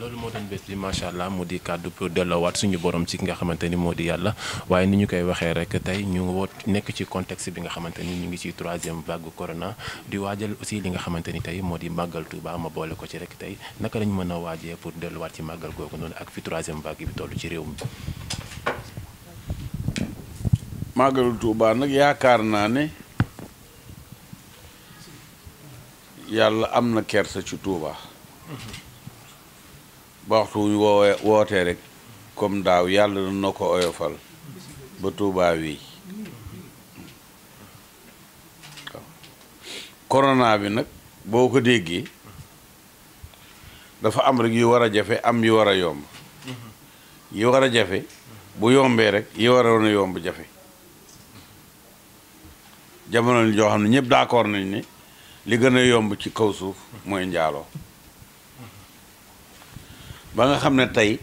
loolu moo tam bés bi macha allah mu di kàddu pour delloowaat suñu borom ci ki nga xamante ni moo di yàlla waaye ni ñu koy waxee rek tey ñu woot nekk ci contexte bi nga xamante ni ñu ngi ci troisième vague corona di waajal aussi li nga xamante ni tey moo di màggal Tuuba ma boole ko ci rek tey naka lañu mën a waajee pour delluwaat ci màggal googu noonu ak fi troisième vague bi toll ci réew mi. màggalu Tuuba nag yaakaar naa ne yàlla am na kersa ci Tuuba. Mhm. ba waxtu wu wootee rek comme daaw yàlla na ko oyofal ba Touba wi waaw bi nag boo ko déggee dafa am rek yu war a jafe am yu war a yomb mm-hmm. yi war a jafe bu yombee rek yi waroon a yomb jafe jamono joo xam ne ñëpp d'accord nañ ni li gën a yomb ci kaw suuf mooy njaaloo ba nga xam ne tey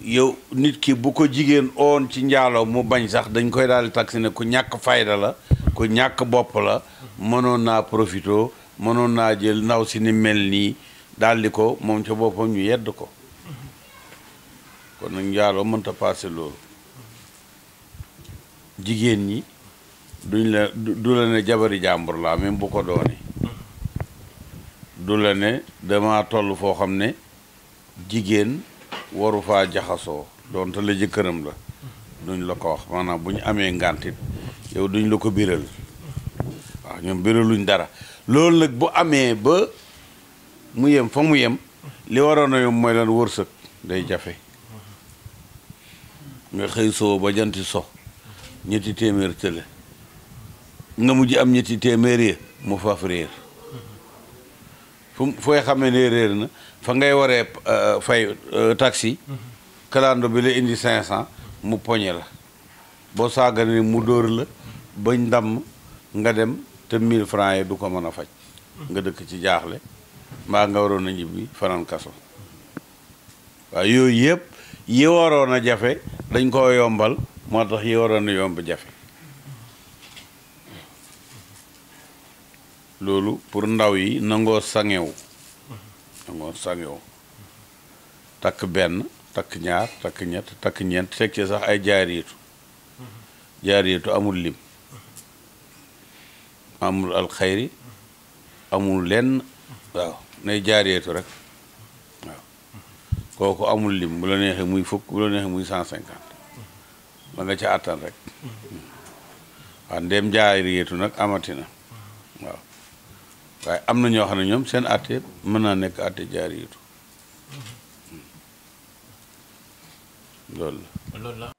yow nit ki bu ko jigéen oon ci njaaloo mu bañ sax dañ koy daal di ne ku ñàkk fayda la ku ñàkk bopp la mënoon naa profito mënoon naa jël ndaw si ni mel nii daldi ko moom ca boppam ñu yedd ko kon nag njaaloo mënta paase loolu jigéen ñi duñ la du la ne jabari jàmbur laa même bu ko doonee du la ne dama toll foo xam ne jigéen waru faa jaxasoo doonte la jëkkëram la duñ la ko wax maanaam bu ñu amee ngàntit yow duñ la ko biral waaw ñoom biraluñ dara loolu nag bu amee ba mu yem fa mu yem li waroon a yem mooy lan wërsëg day jafe nga xëy soo ba janti so ñetti téeméer tële nga mujj am ñetti téeméer ya mu faaf réer fu fooy xamee ne réer na fa ngay waree euh, fay euh, taxi kalando bi la indi cinq cent mu poñe la boo saagane mu dóor la bañ ndàmm nga dem te mille francs yi du ko mën a faj nga dëkk ci jaaxle mbaa nga waroon a ñibbi fanaan kaso waaw yooyu yëpp yi waroon a jafe dañ koo yombal moo tax yi waroon a yomb jafe loolu pour ndaw yi nangoo sangewu nangoo takk benn takk ñaar takk ñett teg ci sax ay jaar yéetu amul lim amul alxayri amul lenn waaw nay yéetu rek waaw kooku amul lim bu la neexee muy fukk bu la neexee muy cent cinquante la nga ca àttan rek mm-hmm. waaw ndem jaariitu nag amati na waaw waaye am na ñoo xam ne ñoom seen àtte mën naa nekk àtte jaariyatu loolu la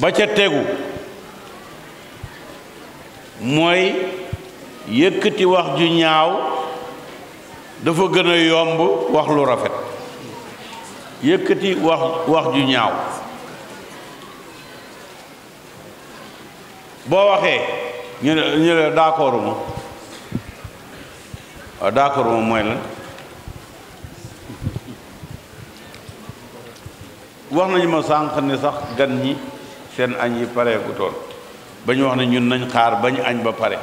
ba ca tegu mooy yëkkati wax ju ñaaw dafa gën a yomb wax lu rafet yëkkati wax wax ju ñaaw boo waxee ñu ñu ne d'accorduma waaw d'accord moom mooy lan wax nañu ma sànq ne sax gan ñi seen añ yi pare bu toon wax ne ñun nañ xaar bañ añ ba pare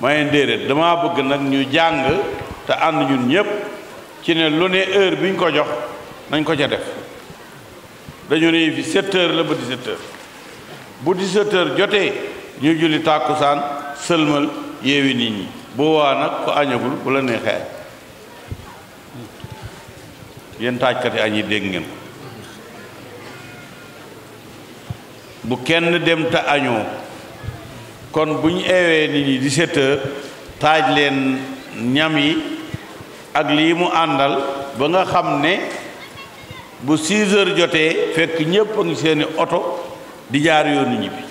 maye déedéet damaa bëgg nag ñu jàng te ànd ñun ñépp ci ne lu ne heure bi ñu ko jox nañ ko ca def dañu ne fi 7 la ba 17 heures bu 17 jotee ñu julli tàkkusaan sëlmal yeewi nit ñi boobaa nag ku añagul bu la neexee añ yéen taajkati añ yi dégg ngeen ko bu kenn dem te añoo kon bu ñu eewee nit ñi 17 heures taaj leen ñam yi ak lii mu àndal ba nga xam ne bu 6 jotee fekk ñépp ngi seeni oto di jaar yoonu ñibbi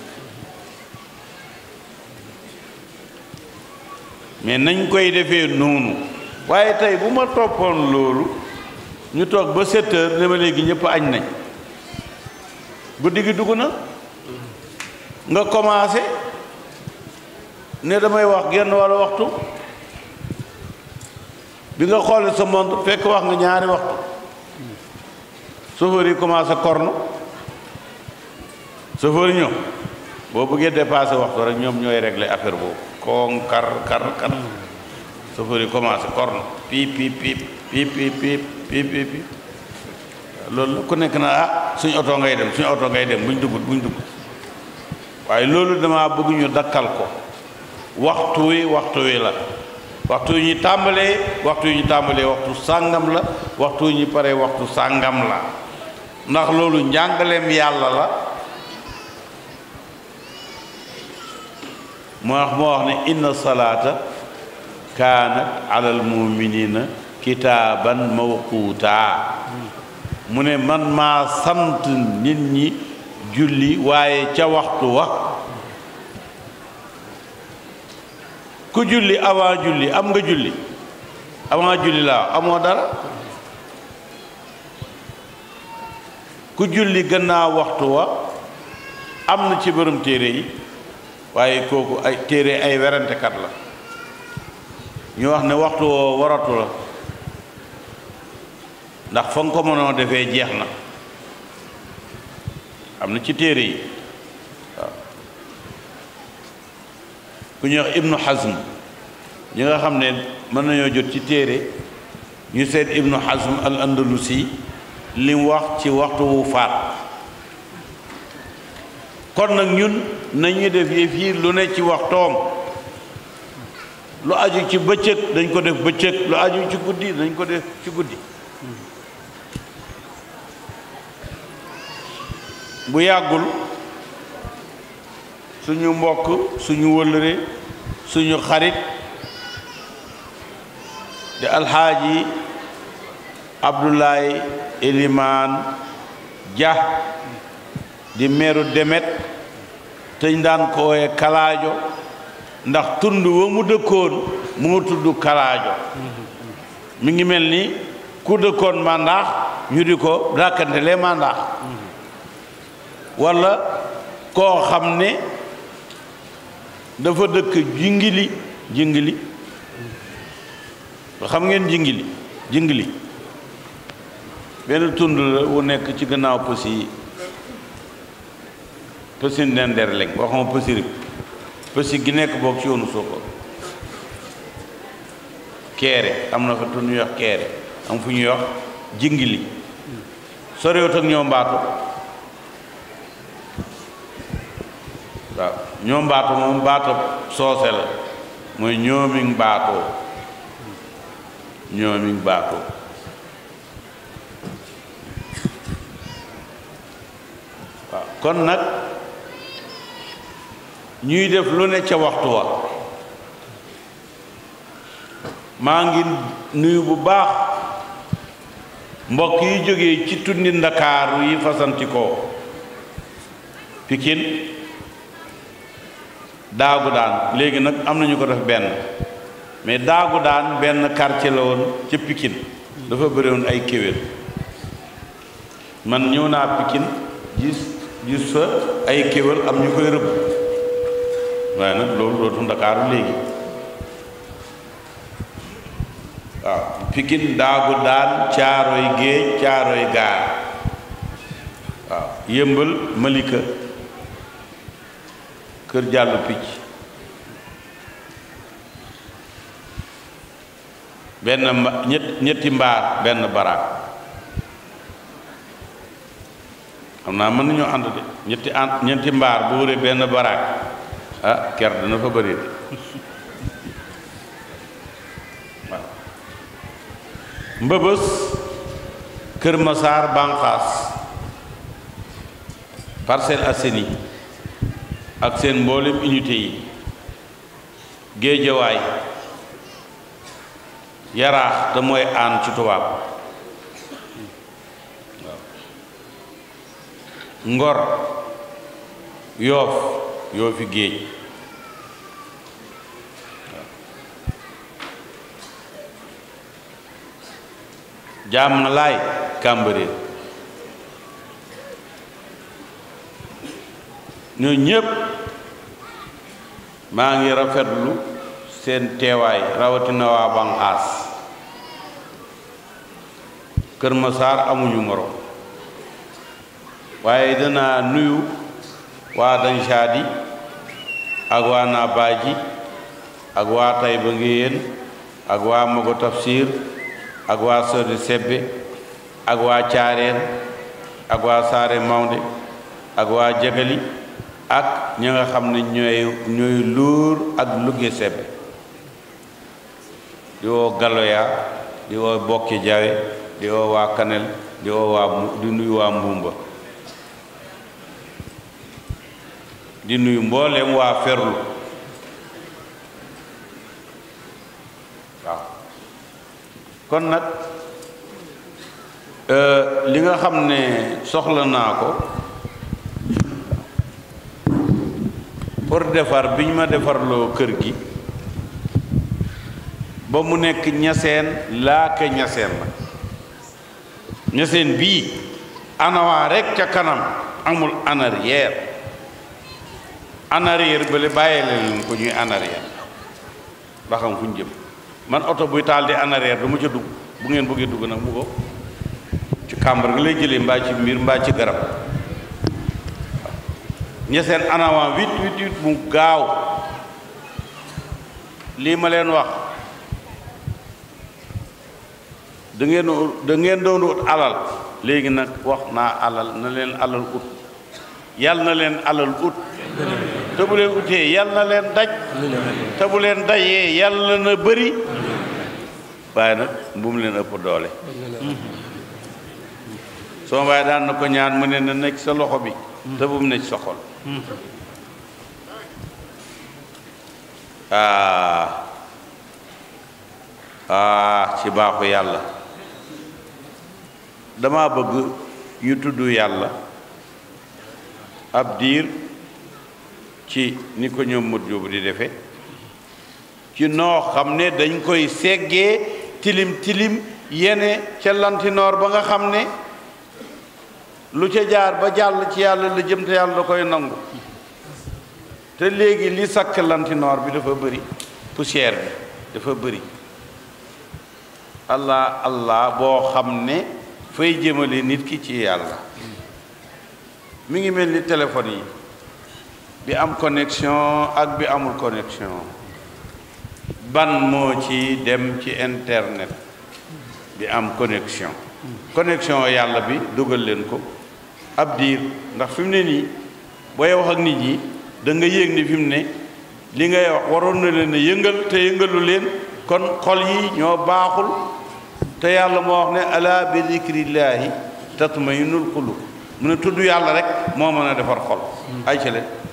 mais nañ koy defee noonu waaye tey bu ma toppoon loolu ñu toog ba 7 heures ne ma léegi ñëpp añ nañ bu gi dugg na nga commencé ne damay wax genn walla waxtu bi nga xoolee sa montre fekk wax nga ñaari waxtu chauffeur yi commencé kornu chauffeur ñoom boo bëggee dépassé waxtu rek ñoom ñooy régler affaire boobu konkar kar kar chauffeur yi commencé korn kor piip piip piip piip piip piip piip piip loolu ku nekk na ah suñu oto ngay dem suñ oto ngay dem buñ dugut buñ dugut waaye loolu dama bëgguñu dakkal ko waxtu wi waxtu wi la waxtu wi ñu tàmbalee waxtu wi ñu tàmbalee sàngam la waxtu wi ñu pare waxtu sàngam la ndax loolu njàngaleem yàlla la moo wax moo wax ne inna salaata kaanat alal muminina kitaaban mawquuta mu ne man maa sant nit ñi julli waaye ca waxtu wa ku julli avant julli am nga julli avant julli laa amoo dara ku julli gannaaw waxtu wa am na ci borom téere yi waaye kooku ay téere ay werantekat la ñu wax ne waxtu woo waratu la ndax fa nga ko mënoo defee jeex na am na ci téere yi waaw ku ñuy wax ibnu Hazm ñi nga xam ne mën nañoo jot ci téere ñu seet ibnu Hazm al andalusi li mu wax ci waxtu wu faat kon nag ñun nañu def yëf yi lu ne ci waxtoom lu aju ci bëccëg dañ ko def bëccëg lu aju ci guddi dañ ko def ci guddi bu yàggul suñu mbokk suñu wëllëre suñu xarit di alxaaji Abdoulaye Elimane Dia di meeru Demet teñ daan ko wooye kalaajo ndax tund wa mu dëkkoon moo tudd kalaajo mu ngi mel ni ku dëkkoon màndaax ñu di ko dàkkante lee màndaax walla koo xam ne dafa dëkk jingili jingili xam ngeen jingili jingili benn tund la wu nekk ci gannaaw pos pësin nen der lañ waxuma pësi gi nekk boog ci yoonu Sokone keere am na fa tu ñuy wax keere am fu ñuy wax jingili sorewut ak ñoo mbaatu waaw ñoo moom mbaatu soose la mooy ñoomi mbaatoo ñoomi mbaatoo waaw kon nag ñuy def lu ne ca waxtu wa maa ngi nuyu bu baax mbokk yi jóge ci tundi ndakaaru yi fasantikoo pikin daagu daan léegi nag am nañu ko def benn mais daagu daan benn quartier la woon ca Pikine dafa bëri woon ay kéwél man ñëw naa Pikine gis gis fa ay kéwél am ñu koy rëbb waaye nag loolu dootu ndakaaru léegi waaw Pikine daagu daan caaroy géej caaroy gaar waaw yëmbal Malika kër jàllu picc benn mba ñetti mbaar benn baraak xam naa mën nañoo ànd de ñetti ànd ñetti mbaar bu wëree benn baraak ah ker dana fa bëri mbëbës Kër Masaar Banqaas Parcelles Assainies ak seen mboolem unité yi géejawaay yaraax te mooy aan ci ngor yoof yoo fi géej jaam na laay ñépp maa ngi rafetlu seen teewaay rawatina waa banqaas Kër Masaar amuñu morom waaye danaa nuyu waa Dañcaadi ak waa Nabaaji ak waa Tayba Ngéyeen ak waa Mago Tafsir ak waa Sodi Sebbe ak waa Caareen ak waa Saare Mawnde ak waa Jagali ak ñi nga xam ne ñooy ñooy luur ak lugge Sebbe di woo Galoya di woo Bokki Jawe di woo waa Kanel di woo waa di nuyu waa Mbuumba di nuyu mbooleem waa Ferlu kon nag euh, li nga xam ne soxla naa ko pour defar bi ñu ma defarloo kër gi ba mu nekk ñaseen laa ke ñaseen la ñaseen bii anawaa rekk ca kanam amul en arrière en arrière bële bàyyee leen ko ñuy en arrière ba fu ñu jëm man oto buy taal di en arrière du ma ca dugg bu ngeen bëggee dugg nag mu ko ci kàmbar nga lay jëlee mbaa ci miir mbaa ci garab ña seen en avant huit huit mu gaaw lii ma leen wax da ngeen ngeen doon ut alal léegi nag wax naa alal na leen alal ut yàlla na leen alal ut te bu leen utee yàlla na leen daj te leen dajee yàlla na bëri waaye nag bu mu leen ëpp doole soo waaye daan na ko ñaan mu ne na nekk sa loxo bi te bu mu nekk sa xol ah ci baaxu yàlla dama bëgg ñu tudd yàlla ab diir ci ni ko ñoom mët yóbbu di defe ci noo xam ne dañ koy seggee tilim tilim yene ca lantinoor ba nga xam ne lu ca jaar ba jàll ci yàlla la jëm te yàlla da koy nangu te léegi li sakk lantinoor bi dafa bëri poussière bi dafa bëri allah allah boo xam ne fay jëmale nit ki ci yàlla mi ngi mel ni téléphone yi bi am connexion ak bi amul connexion ban moo ci dem ci internet bi am connexion connexion yàlla bi dugal leen ko ab diir ndax fi mu ne nii booy wax ak nit ñi danga nga yéeg ni fi mu ne li ngay wax waroon na leen a yëngal te yëngalu leen kon xol yi ñoo baaxul te yàlla moo wax ne ala bi zikrillaahi tatmainul qulub mu a tudd yàlla rek moo mën a defar xol ay ci